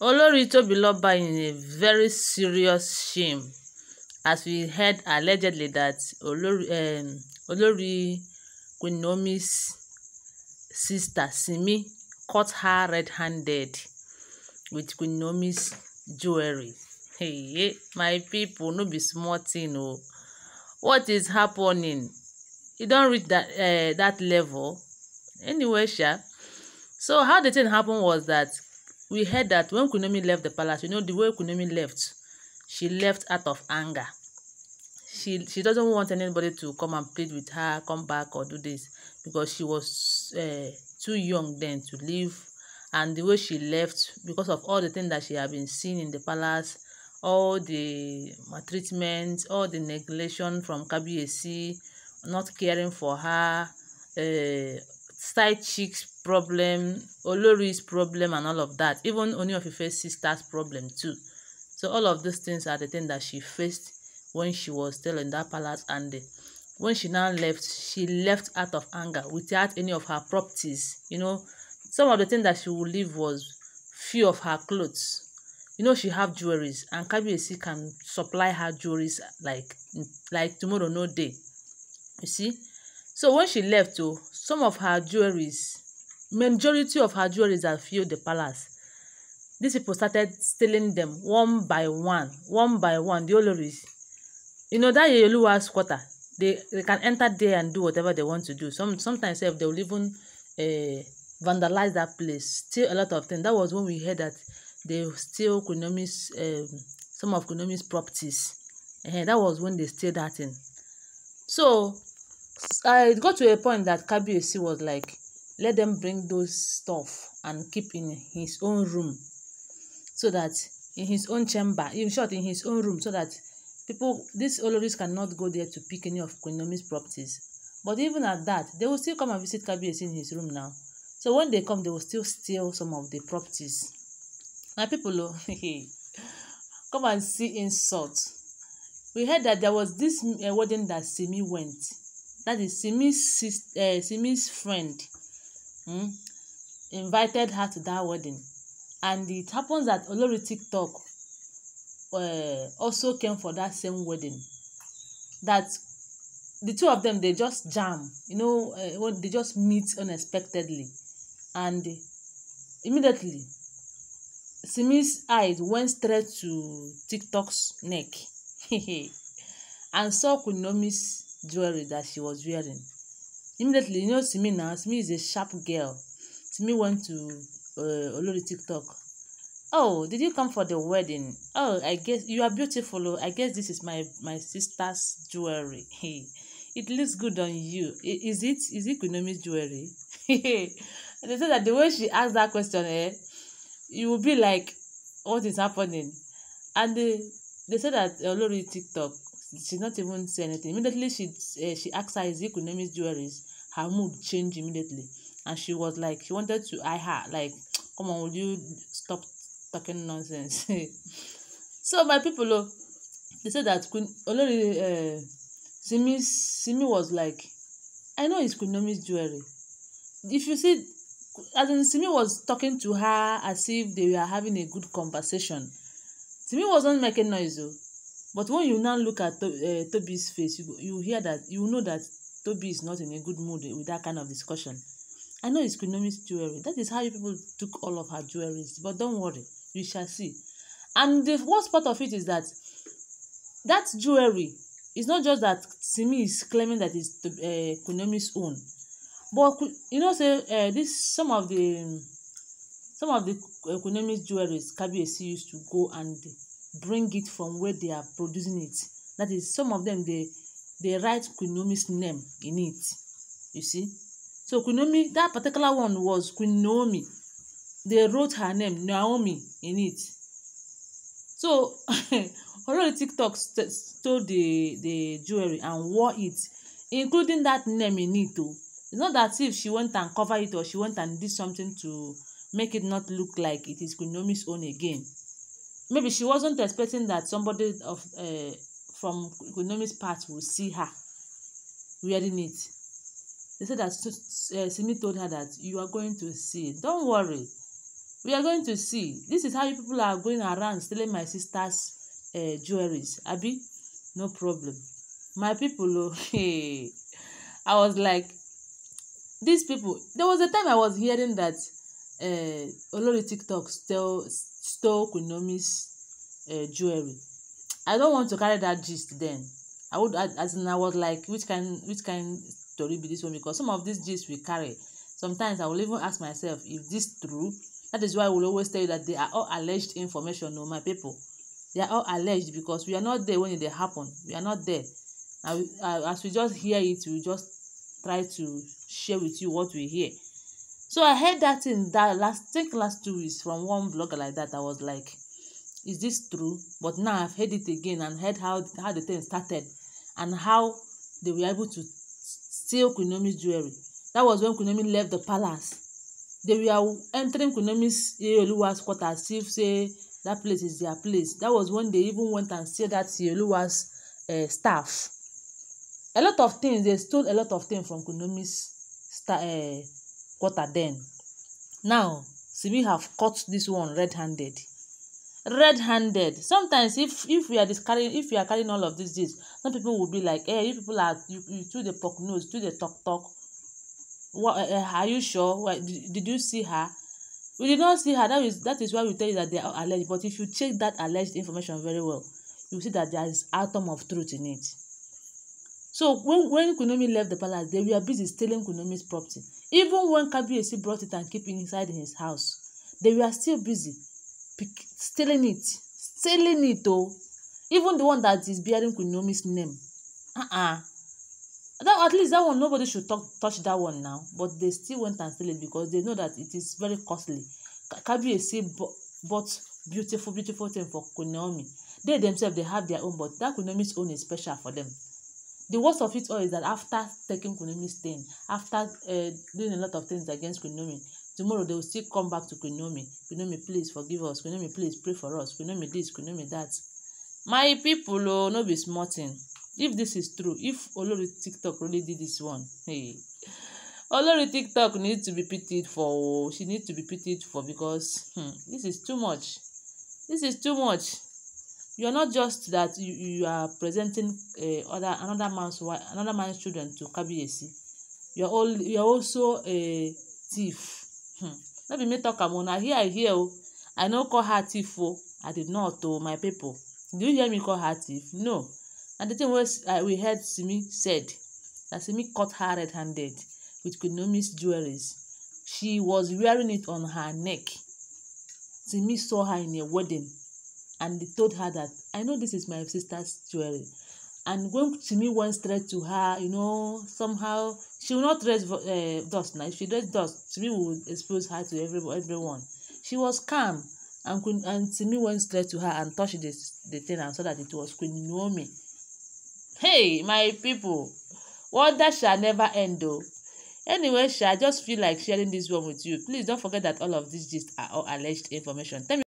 olórí tobiloba in a very serious shame as we heard allegedly that olórí um, olórí Queen sister Simi caught her red-handed with Queen Naomi's jewelry hey, hey eh, my people no be small thing o oh. what is happening e don reach that uh, that level anyway sha so how the thing happen was that we heard that when Kunomi left the palace, you know, the way Kunomi left, she left out of anger. She, she doesn't want anybody to come and plead with her, come back or do this because she was uh, too young then to leave. And the way she left, because of all the things that she had been seeing in the palace, all the maltreatment, all the neglection from KBAC, not caring for her, uh, side chicks problem, Olori's problem and all of that. Even Ooni of Ife's sister's problem too. So all of these things are the things that she faced when she was still in that palace and when she now left, she left out of anger without any of her properties. You know, some of the things that she would leave was few of her clothes. You know, she have jewelries and Kabiyesi can supply her jewelries like like tomorrow, no day. You see? So when she left, oh, some of her jewelries majority of her jewelries had filled the palace. These people started stealing them one by one, one by one, the Oloris. You know, that Yeyeluwa's quarter, they, they can enter there and do whatever they want to do. Some Sometimes if eh, they will even uh, vandalize that place, steal a lot of things. That was when we heard that they steal Kunomi's, um, some of Kunomi's properties. Uh, that was when they steal that thing. So, I got to a point that Kabiyesi was like, let them bring those stuff and keep in his own room so that in his own chamber in short in his own room so that people these oloris cannot go there to pick any of Queen properties but even at that they will still come and visit Kabiyesi in his room now so when they come they will still steal some of the properties Now people oh, come and see insult we heard that there was this uh, wedding that Simi went that is Simi's sis uh, Simi's friend Hmm, invited her to that wedding and it happens that Olori TikTok uh, also came for that same wedding that the two of them they just jam you know uh, when they just meet unexpectedly and immediately Simi's eyes went straight to TikTok's neck and saw Kunomi's jewelry that she was wearing Immediately, you know Simi now. Simi is a sharp girl. Simi went to uh, Olori TikTok. Oh, did you come for the wedding? Oh, I guess you are beautiful. Oh. I guess this is my my sister's jewelry. Hey, it looks good on you. Is it is it Kunomi's jewelry? and they said that the way she asked that question, eh, you will be like, what is happening? And they, they said that Olori TikTok, she not even say anything. Immediately she uh, she asked her, is it Kunomi's jewelry? her mood changed immediately and she was like she wanted to eye her like come on will you stop talking nonsense so my people o oh, they say that queen olori uh, simi simi was like i know it's queen naomi's jewelry if you see as in simi was talking to her as if they were having a good conversation simi wasn't making noise o oh. but when you now look at uh, toby's face you you hear that you know that Toby is not in a good mood with that kind of discussion. I know it's Kunomi's jewelry. That is how you people took all of her jewelry. But don't worry, you shall see. And the worst part of it is that that jewelry is not just that Simi is claiming that it's uh, eh, Kunomi's own. But you know, say uh, this some of the some of the uh, eh, Kunomi's jewelries Kabiyesi used to go and bring it from where they are producing it. That is, some of them they they write Queen Naomi's name in it. You see? So Queen Naomi, that particular one was Queen Naomi. They wrote her name, Naomi, in it. So already TikTok stole the the jewelry and wore it, including that name in it o. It's not that if she went and cover it or she went and did something to make it not look like it is Queen Naomi's own again. Maybe she wasn't expecting that somebody of uh, from economics part will see her wearing it. They said that uh, Simi told her that you are going to see. Don't worry. We are going to see. This is how you people are going around stealing my sister's uh, jewelries. Abi, no problem. My people, okay. Oh, I was like, these people. There was a time I was hearing that uh, of TikTok stole, stole Kunomi's uh, jewelry. I don't want to carry that gist Then I would as in I was like which kind which kind story be this one because some of these gists we carry sometimes I will even ask myself if this true that is why I will always tell you that they are all alleged information no my people they are all alleged because we are not there when it dey happen we are not there and uh, as we just hear it we just try to share with you what we hear so I heard that in that last think last two weeks from one blogger like that I was like is this true but now i've heard it again and heard how how the thing started and how they were able to steal kunomi's jewelry that was when kunomi left the palace they were entering kunomi's iyeoluwa's quarter as if say that place is their place that was when they even went and steal that iyeoluwa's uh, staff a lot of things they stole a lot of things from kunomi's star, uh, eh, quarter then now Simi have caught this one red-handed red-handed sometimes if if we are discarding, if we are carrying all of these things some people will be like eh hey, you people are you you too dey poke nose too dey talk talk what uh, are you sure why did, did you see her we did not see her that is that is why we tell you that they are alleged but if you check that alleged information very well you see that there is atom of truth in it so when when kunomi left the palace they were busy stealing kunomi's property even when kabiyesi brought it and keep it inside his house they were still busy stealing it stealing it o even the one that is bearing Queen Naomi's name uh-uh. that at least that one nobody should talk, touch that one now but they still went and steal it because they know that it is very costly Kabiyesi bought beautiful beautiful thing for Queen Naomi they themselves they have their own but that Queen Naomi's own is special for them the worst of it all is that after taking Queen Naomi's thing after uh, doing a lot of things against Queen Naomi Tomorrow they will still come back to Kunomi. Kunomi, please forgive us. Kunomi, please pray for us. Kunomi this, Kunomi that. My people, oh, no be small thing. If this is true, if Olori TikTok really did this one, hey. Olori TikTok needs to be pitied for. Oh, she needs to be pitied for because hmm, this is too much. This is too much. You are not just that you, you are presenting uh, other another man's wife, another man's children to Kabiyesi. are all You are also a thief um no be me talk am o na here i hear o i no call her thief o i did not o my people do you hear me call her thief no na the thing wey uh, we heard simi said na simi caught her red-handed with kunomi's jewelries she was wearing it on her neck simi saw her in a wedding and they told her that i know this is my sister's jewelry and when simi went straight to her you know somehow she will not raise uh, dust now if she raise dust Simi will expose her to every, everyone she was calm and Queen and Simi went straight to her and touched the the thing and saw that it was Queen Naomi hey my people wonder shall never end o anyway sha i just feel like sharing this one with you please don't forget that all of these gist are all alleged information tell me.